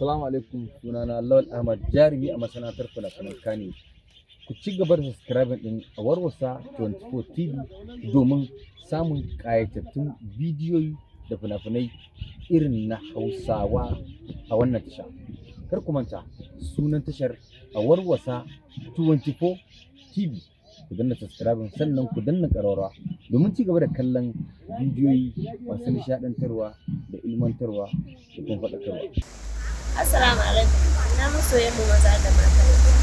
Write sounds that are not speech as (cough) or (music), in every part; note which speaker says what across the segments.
Speaker 1: Assalamu alaikum sunana Lawal Ahmad jarumi a masana'antar fina-finan Kano. Ku ci gaba da subscribing din a warwasa 24 TV domin samun ƙayatattun bidiyoyi da fina-finai irin na Hausawa a wannan tasha. Kar ku manta sunan tashar a warwasa 24 TV. ku danna subscribe sannan ku danna ƙararwa domin ci gaba da kallon
Speaker 2: bidiyoyi masu nishaɗantarwa da ilmantarwa da kuma faɗakarwa. Assalamu alaikum. Na masoyan mu maza da mata.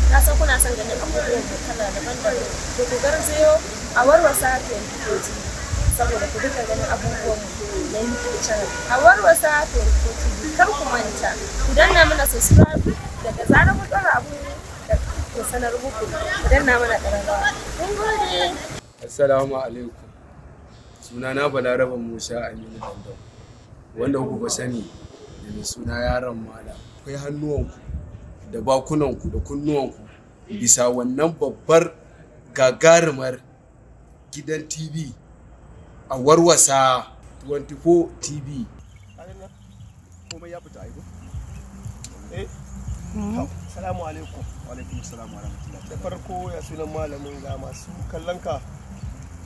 Speaker 2: Na san kuna son ganin
Speaker 1: abubuwan da kala daban-daban. Ku kokarin siyo a warwasa twenty saboda
Speaker 2: ku duka ganin abubuwan na YouTube channel. A warwasa twenty kar ku manta. Ku danna mana
Speaker 1: subscribe daga zarar ku ɗora
Speaker 2: abu da sanar muku. Ku danna mana ƙararrawa. Mun gode. Assalamu alaikum. Sunana Balaraba Musa Aminu Dandau. Wanda kuka sani da suna
Speaker 1: yaron malam akwai hannuwanku da bakunanku da kunnuwanku bisa wannan babbar gagarumar gidan tv a warwasa 24 tv
Speaker 2: eh. da farko ya sunan malamin ga masu kallon ka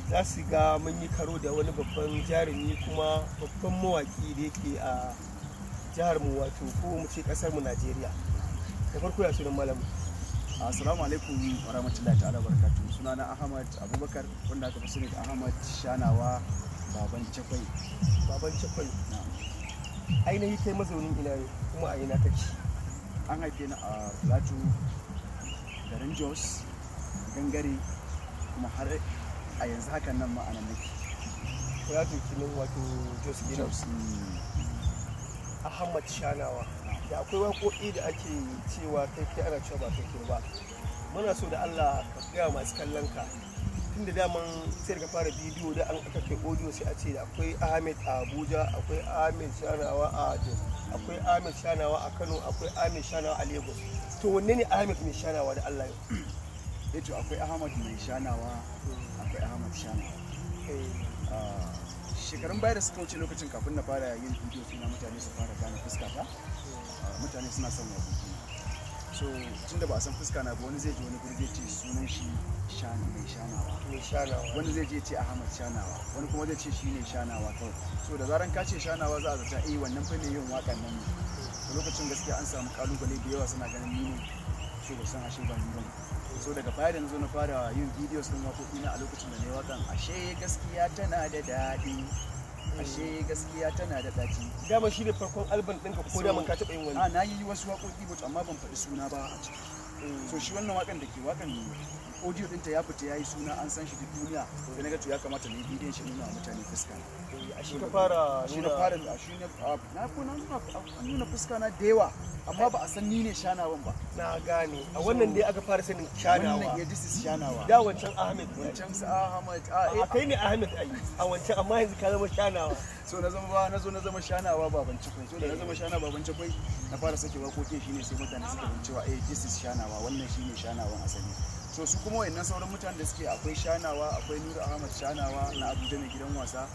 Speaker 2: za su ga mun yi karo da wani babban jarumi kuma babban mawaki da yake a jihar mu wato ko mu ce kasar mu Najeriya da farko ya sunan malamu assalamu alaikum
Speaker 1: wa rahmatullahi ta'ala barakatuh sunana Ahmad Abubakar wanda aka fi sani da Ahmad Shanawa baban Chakwai baban Chakwai ainihi kai mazaunin ina ne kuma a ina kake an haife ni a Plateau garin Jos gangare kuma har a yanzu hakan nan ma'anar nake
Speaker 2: Plateau kinin wato Jos Jos mm. ahmad shanawa da akwai waƙoƙi da ake cewa kai kai ana cewa ba kai ba muna so da allah ka gaya masu kallon ka tun da daman sai daga fara bidiyo da an aka kai audio sai a ce da akwai ahmed a abuja akwai ahmed shanawa a jos akwai ahmed shanawa a kano akwai ahmed shanawa a lagos to wanne ne ahmed mai shanawa da allah ya eh to akwai ahmed mai shanawa akwai ahmed shanawa eh. ah.
Speaker 1: shekarun baya da suka wuce lokacin kafin na fara yin video na mutane su fara gane fuska ta ah, mutane suna son wa wakoki so tun da ba a san fuska na ba wani zai je wani gurbe ce sunan shi shana mai shanawa wani zai je ce ahmad shanawa wani kuma zai ce shi ne shanawa kawai so da zaran ka ce shanawa za a zata eh wannan fa ne yin wakan nan ne lokacin gaskiya an samu kalubale da yawa suna ganin ni ne so ba san ashe ba ni bane so daga baya da na na fara yin videos din waƙoƙi na a lokacin da na yi ashe gaskiya tana da daɗi ashe gaskiya tana da dadi.
Speaker 2: dama shi ne farkon album ka ko da dama ka taɓa yin wani a na
Speaker 1: yi wasu wakoki ba amma ban faɗi suna ba a ciki mm. so shi wannan wakan da ke waƙan audio ɗinta ya fita ya yi suna an san shi duk duniya da na ga to ya kamata ne yi bidiyon shi nuna mutane fuska na eh, shi ka fara shi na fara ah, shi ne na ko ah, na nuna nuna fuska na da yawa amma ba a san ni ne shanawan ba na gane a wannan dai aka fara sanin shanawa wannan ya eh, this is shanawa da wancan ahmed wancan sa ahmed ah, eh. a kai ne ahmed
Speaker 2: ai a wancan
Speaker 1: amma yanzu ka zama shanawa so na zama na zo na zama shanawa baban cikin so da na zama shanawa baban cikin na fara sakewa koke shine sai mutane suka cewa eh this is shanawa wannan shine shanawan asali so su kuma wayannan sauran mutanen da suke akwai shanawa akwai nur ahmad shanawa na abuja mai gidan wasa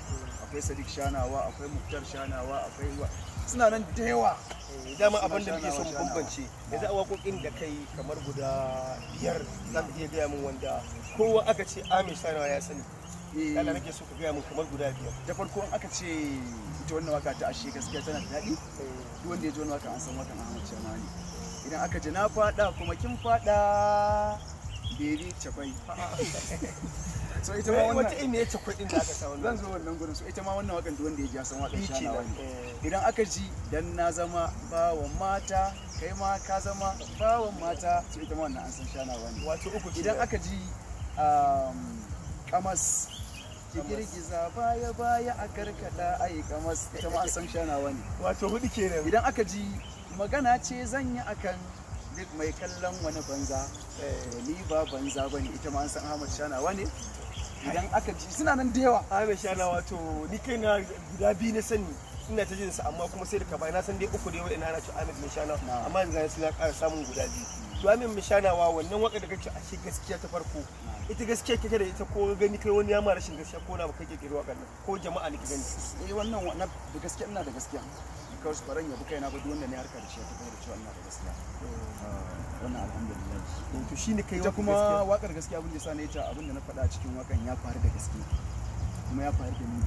Speaker 1: akwai sadiq shanawa akwai muktar shanawa akwai suna nan da yawa
Speaker 2: eh, dama abin da muke son bambance yanzu a waƙoƙin da kai kamar guda biyar za ka iya gaya min wanda kowa aka ce amin shanawa ya sani eh. Yana nake so ka gaya min kamar guda biyar da farko an aka ce ita wannan waka ta ashe gaskiya tana da daɗi eh. duk wanda ya ji wannan waka
Speaker 1: an san wakan Ahmad ne. idan aka ji na faɗa kuma kin faɗa beri cakwai (laughs) so ita ma wannan wata me ce kudin da aka sa zan zo wannan gurin so ita ma wannan wakan wanda ya ji san wakan shanawa ne eh. idan aka ji dan na zama bawan mata kai ma ka zama bawan mata so ita ma wannan an san shanawa ne wato uku idan aka ji um, kamas ki girgiza baya baya a karkada ai kamas ita ma an san shanawa ne wato hudu kenan idan aka ji magana ce zan yi akan duk mai kallon wani banza eh, ni ba
Speaker 2: banza ba ne ita ma an san ahmad shanawa ne idan aka ji suna nan da yawa ahmad shanawa to ni kai na guda biyu na sani ina ta jin sa amma kuma sai da ka na san dai uku da yawa ina na ci ahmad mai shanawa amma yanzu sai na ƙara samun guda biyu to Duwamin Shanawa wannan waka da kake ashe gaskiya ta farko ita gaskiya kake da ita ko gani kai wani ya mara shin gaskiya ko na ba kake kirwa kan ko
Speaker 1: jama'a ne ki gani eh wannan wannan da gaskiya ina da gaskiya kawai tsaron yabu kai na gudu wanda ne harkar da shi ya kai da cewa ina da gaskiya eh, wannan alhamdulillah to shine kai ita kuma wakar gaskiya abin da yasa ne ta abin da na faɗa cikin wakan ya faru da gaske kuma ya faru da ni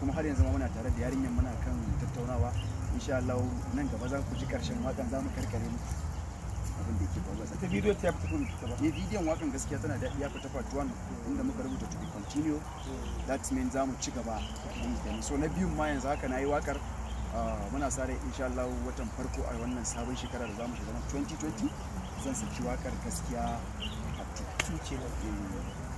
Speaker 1: kuma har yanzu muna tare da yarinyar muna kan tattaunawa insha Allah nan gaba za ku ji karshen wakan za mu karkare mu abin da yake ba faruwa ta bidiyo
Speaker 2: ta fita kun ta
Speaker 1: ba ne bidiyon wakan gaskiya tana da ya fita part 1 inda muka rubuta to be continue that means za mu ci gaba so na biyun ma yanzu haka nayi wakar Ah, muna sa rai insha Allah watan farko a wannan sabon shekarar da zamu shiga na 2020 zan saki wakar gaskiya a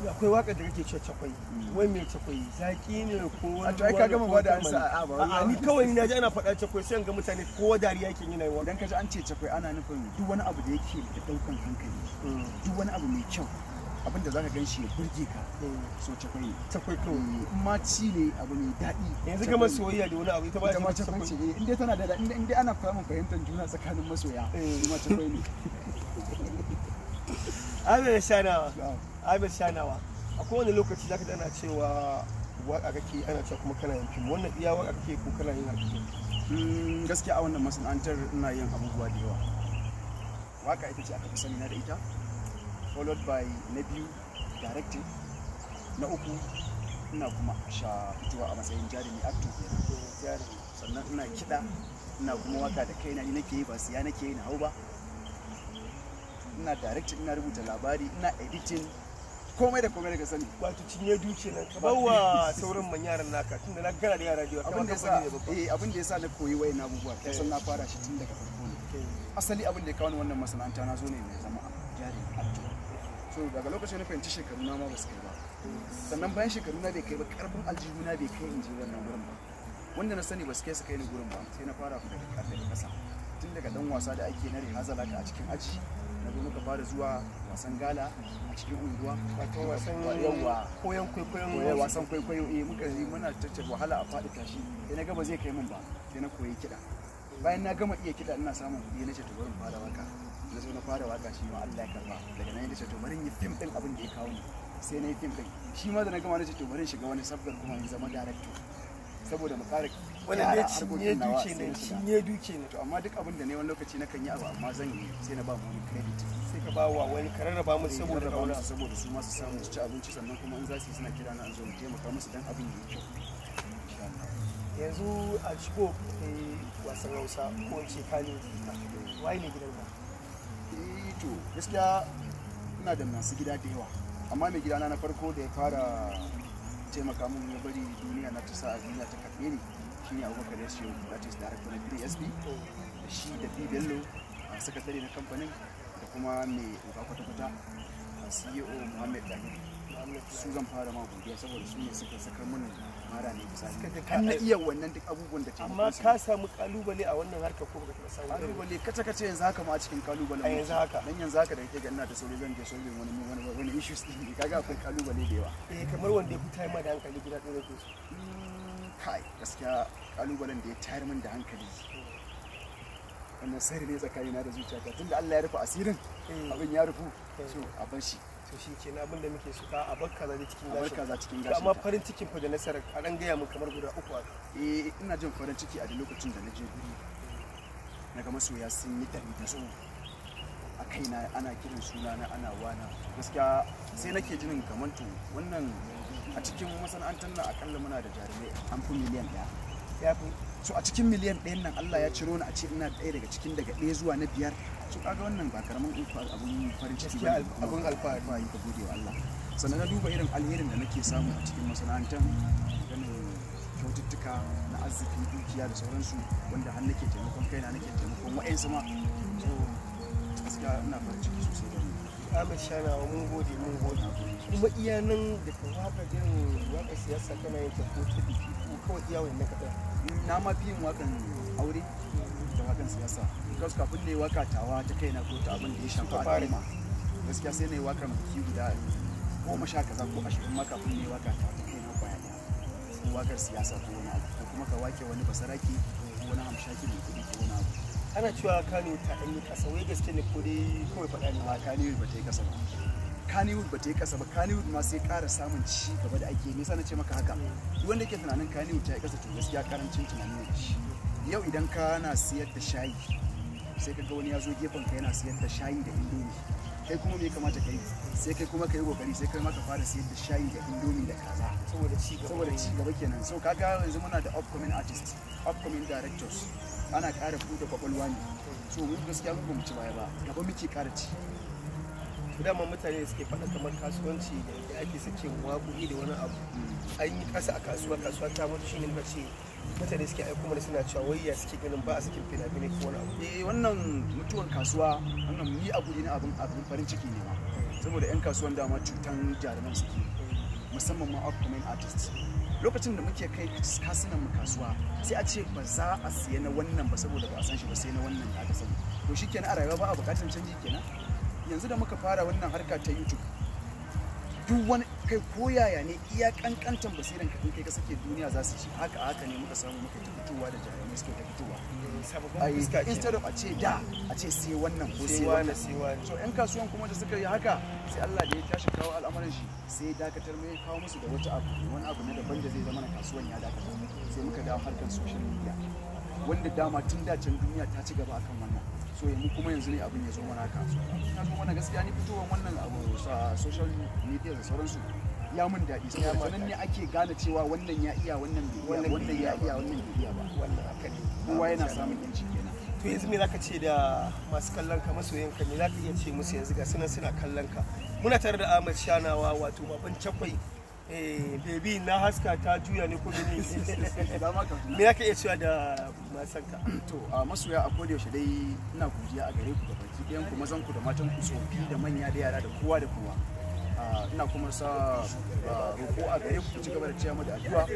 Speaker 2: eh, akwai wakar da kake cewa cakwai mm. wai me cakwai zaki ne ko wani ruwa ka gama bada ansa a ba ah, ni kawai na ji ana faɗa cakwai sai ga mutane kowa dariya yake yin yawa dan kaji an ce cakwai ana nufin duk wani abu da yake da daukan hankali mm. duk wani abu mai kyau
Speaker 1: abin da zaka gan shi ya burge ka eh. so cakwai cakwai kawai eh, ma ci ne abu mai daɗi yanzu kamar soyayya da wani abu ita ba ta mace ce eh, in dai tana da daɗi dai ana samun fahimtar juna
Speaker 2: tsakanin masoya ma cakwai ne Amir (laughs) Shanawa Amir Shanawa a kowane lokaci zaka ana cewa waka kake ana cewa kuma kana yin kin wannan iya waka kake ko kana yin abu hmm, gaskiya a wannan masana'antar ina
Speaker 1: yin abubuwa da yawa waka ita ce aka fi sani na da ita followed by na biyu directive na uku ina kuma sha fitowa a matsayin jarumi actor kenan sannan ina kiɗa ina kuma waka da kaina ni nake yi ba siya nake yi na hau ba ina directing ina rubuta labari ina editing komai da komai daga sani wato cinye duke na ka bawa sauran
Speaker 2: man yaran naka tunda na gana da yara da yawa abin da yasa eh
Speaker 1: abin da yasa na koyi wayan abubuwa kai san eh. na fara shi tun daga farko ne eh. asali abin da ya kawo wannan masana'anta na zo ne mai zama jari actor so daga lokacin na fahimci shekaru na ma ba kai ba sannan bayan shekaru na bai kai ba karfin aljihu na bai kai in je wannan gurin ba wanda na sani ba kai su kai ni gurin ba sai na fara fita daga kasa tun daga dan wasa da ake na rehazala a cikin aji na zo muka fara zuwa wasan gala a cikin unguwa wato wasan kwaikwayo eh muka yi muna tattace wahala a faɗi tashi sai na ga zai kai min ba sai na koyi kiɗa bayan na gama iya kiɗa ina samun kuɗi na ce to bari fara waka na zo na fara waka shi ma Allah ya karba daga nan ya to bari yi fim din abin da ya kawo ni sai na yi fim din shi ma da na gama na ce to bari shiga wani sabgar kuma in zama director saboda mu kare wani ne cinye duke ne cinye duke ne to amma duk abin da ne wani lokaci na kan yi abu amma zan yi sai na ba mu wani credit sai ka ba wa wani karara ba mu saboda rauna saboda su ma su samu su ci abinci sannan kuma in za su suna kira na an zo mu taimaka musu dan abin yi kyau yanzu a shigo eh, wasan hausa ko ce kano wai ne gidan ba to gaskiya ina da masu gida da yawa amma mai gida na farko da ya fara taimaka mun ya bari duniya na ta sa a duniya ta kafe ne shine ne ya ce that is director na 3sp da shi da fi bello a sakatare na kamfanin da kuma mai uba kwata-kwata ceo muhammad dani su zan fara ma godiya saboda su ne suka saka mun mara ne bisa kan na iya wannan duk abubuwan da ke amma ka samu kalubale a wannan harkar ko baka samu kalubale kace kace yanzu haka ma a cikin kalubale a yanzu haka dan yanzu haka da kake ga ina da sauri zan je sauri wani wani wani issues din ne kaga akwai kalubale da yawa eh kamar wanda ya fita ma da hankali gida ɗaya ko mm, kai gaskiya kalubalen da ya tayar min da hankali wannan sirri ne tsakanina da zuciyata tunda Allah ya rufe asirin eh. abin ya rufu eh. so a bar shi to shi ke abin da muke suka a bar kaza cikin gashin kaza amma farin
Speaker 2: cikin fa da nasara a ran gaya mun
Speaker 1: kamar guda uku eh ina jin farin ciki a duk lokacin da na je guri na ga masoya sun yi tari da su a kaina ana kiran suna na ana wana gaskiya sai nake jinin kamar to wannan a cikin masana'antar nan akalla muna da jarumai an fi miliyan ɗaya ya so a cikin miliyan ɗayan nan Allah ya ciro ni a ce ina ɗaya daga cikin daga ɗaya zuwa na biyar so kaga wannan ba karamin abun farin ciki ba abun alfahari ba ka gode wa Allah sannan na duba irin alherin da nake samu a cikin masana'antar na kyaututtuka na arziki dukiya da sauransu wanda har nake taimakon kaina nake taimakon wa'yansu
Speaker 2: ma so gaskiya ina farin ciki sosai da Shana mun gode mun gode kuma iyanan da ka waka irin waka siyasa kana yin ta biki
Speaker 1: kawai iya wannan kaɗan na ma fi yin wakan aure da wakan siyasa because kafin ne waka tawa ta kaina ko ta abin da ya shafa al'umma gaskiya sai na yi biki guda goma sha kaza ko ashirin ma kafin ne waka tawa ta kaina kwaya ɗaya ko wakar siyasa ko wani abu ko kuma ka wake wani basaraki ko wani hamshaki mai kuɗi ko wani abu ana cewa kano ta ɗanyi ƙasa wai gaske ne ko dai kawai faɗa ne ba. kano ba ta yi ƙasa ba kaniwood ba ta yi kasa ba kaniwood ma sai ƙara samun ci gaba da ake nisa na ce maka haka duk wanda yake tunanin kaniwood ta yi kasa to gaskiya karancin tunani ne yau idan ka na siyar da shayi sai ka ga wani ya zo gefen ka yana siyar da shayi da indomi kai kuma me kamata ka yi sai kai kuma ka yi kokari sai kai ma ka fara siyar da shayi da indomi da kaza saboda ci gaba saboda ci gaba kenan so kaga yanzu muna da upcoming artists upcoming directors ana ƙara buɗe kwakwalwa ne
Speaker 2: so mu gaskiya mu ba mu ci baya ba gaba muke ƙara ci dama mutane suke faɗa kamar kasuwanci da ake sace waƙoƙi da wani abu an yi ƙasa a kasuwa kasuwa ta mutu shine ba ce mutane suke aiko mana suna cewa wayya suke ganin ba a sakin fina-finai ko wani abu eh
Speaker 1: wannan mutuwar kasuwa wannan yi abu ne abin abin farin ciki ne ma saboda yan kasuwan dama cutan jaruman suke musamman ma upcoming artists lokacin da muke kai kasunan mu kasuwa sai a ce ba za a siya na wannan ba saboda ba a san shi ba sai na wannan da aka sani to shikenan a rayuwa ba a bukatun canji kenan yanzu da muka fara wannan harka ta youtube duk wani kai koyaya ne iya kankantan basiran ka kai ka sake duniya za su ci haka haka ne muka samu muka fitowa da jarumai suke ta fitowa ai instead of a ce da a ce sai wannan ko sai wannan so yan kasuwan kuma da suka yi haka sai Allah da ya tashi kawo al'amarin shi sai dakatar mai kawo musu da wata abu wani abu na daban da zai zama na kasuwan ya dakatar sai muka dawo harkar social media wanda dama tun da can duniya ta ci gaba akan wannan so yanzu kuma yanzu ne abin ya zo mana ka so ya zo mana gaskiya ni fitowar wannan abu sa social media da sauransu ya mun daɗi sanan ne ake gane cewa wannan ya iya wannan
Speaker 2: bai iya wannan ya iya wannan bai iya ba wannan haka ne kowa yana samun yanci kenan to yanzu me zaka ce da masu kallon ka masoyan ka me zaka iya ce musu yanzu ga sunan suna kallon ka muna tare da Ahmad Shanawa wato baban cakwai eh baby na haska ta juya ne ko mini me (laughs) yake iya cewa da masanka to a masoya a koda yaushe dai
Speaker 1: ina kujiya a gare ku da baki ɗayan ku mazan ku da matan ku tsofi da manya da yara da kowa da kowa ina kuma sa ah, roƙo a gare ku ci gaba da ciyar da addu'a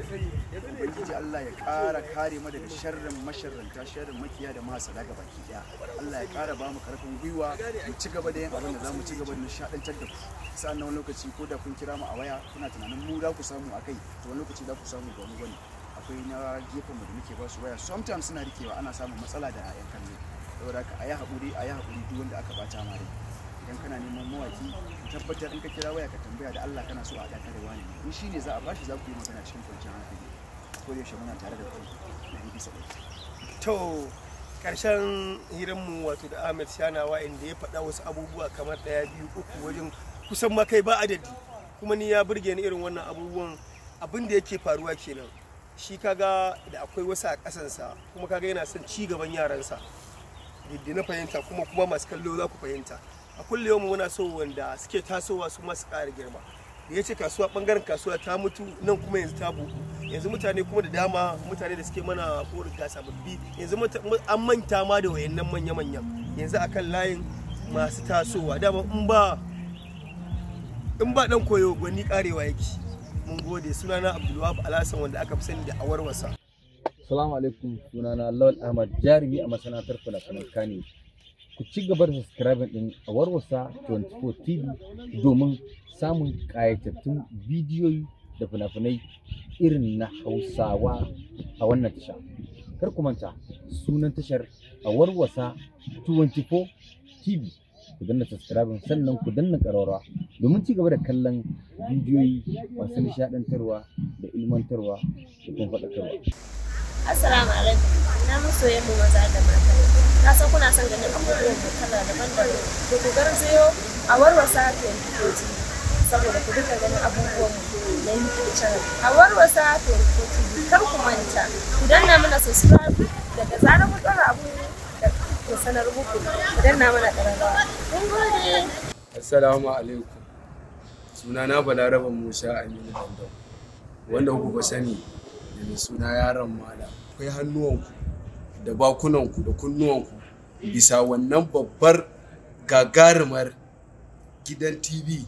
Speaker 1: ubangiji Allah ya ƙara kare mu daga sharrin masharranta sharrin makiya da masala ga baki daya Allah ya ƙara ba mu karfin gwiwa mu ci gaba da yin abin da zamu ci gaba da nishadantar da ku sa'an wani lokaci ko da kun kira mu a waya kuna tunanin mu za ku samu a kai. to wani lokaci za ku samu ga wani akwai na gefen mu da muke ba su waya sometimes suna rikewa ana samun matsala da yayan kallo saboda haka a yi haƙuri a haƙuri duk wanda aka bata dai idan kana neman mawaki tabbatar in ka kira waya ka tambaya da Allah kana so a daka da wani in shi ne za a bashi za ku yi magana cikin kwanciyar hankali
Speaker 2: ko da yaushe muna tare da ku na yi bisa ɗauki. to karshen hiranmu wato da Ahmed Shanawa inda ya faɗa wasu abubuwa kamar daya biyu uku wajen kusan ma kai ba adadi kuma ni ya burge ni irin wannan abubuwan abin da yake faruwa kenan shi kaga da akwai wasu a sa kuma kaga yana son ci gaban yaransa yadda na fahimta kuma kuma masu kallo za ku fahimta a kulle yau muna so wanda suke tasowa su masu ƙara girma da ya ce kasuwa bangaren kasuwa ta mutu nan kuma yanzu ta buɗu yanzu mutane kuma da dama mutane da suke mana korin ta sababbi yanzu an manta ma da wayannan manya-manyan yanzu akan layin masu tasowa dama in ba in ba dan koyo gwani karewa yake mun gode sunana abdulwahab alhassan wanda aka fi sani da awarwasa
Speaker 1: salamu alaikum sunana lawal ahmad jarumi a masana'antar fina ku ci gaba da subscribing din a warwasa 24 tv domin samun ƙayatattun bidiyoyi da fina-finai irin na hausawa a wannan tasha kar ku manta sunan tashar a warwasa
Speaker 2: 24 tv ku danna subscribing sannan ku danna ƙararwa domin ci gaba da kallon bidiyoyi masu nishaɗantarwa da ilmantarwa da kuma faɗakarwa assalamu alaikum na masoyan mu maza da mata na san kuna
Speaker 1: son ganin abubuwan kala daban-daban da ku garzayo a warwasa 2014 saboda ku duka ganin abubuwan da yi YouTube channel a warwasa 2014 kar ku manta ku danna mana
Speaker 2: subscribe daga zarar mu ɗora abu da ku sanar muku ku danna mana ƙararrawa mun gode assalamu alaikum sunana balaraba musa aminu dandam wanda kuka sani da
Speaker 1: suna yaron malam akwai hannuwanku da bakunanku da kunnuwanku bisa wannan babbar gagarumar gidan TV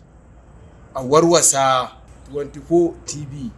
Speaker 1: a Warwasa 24 TV.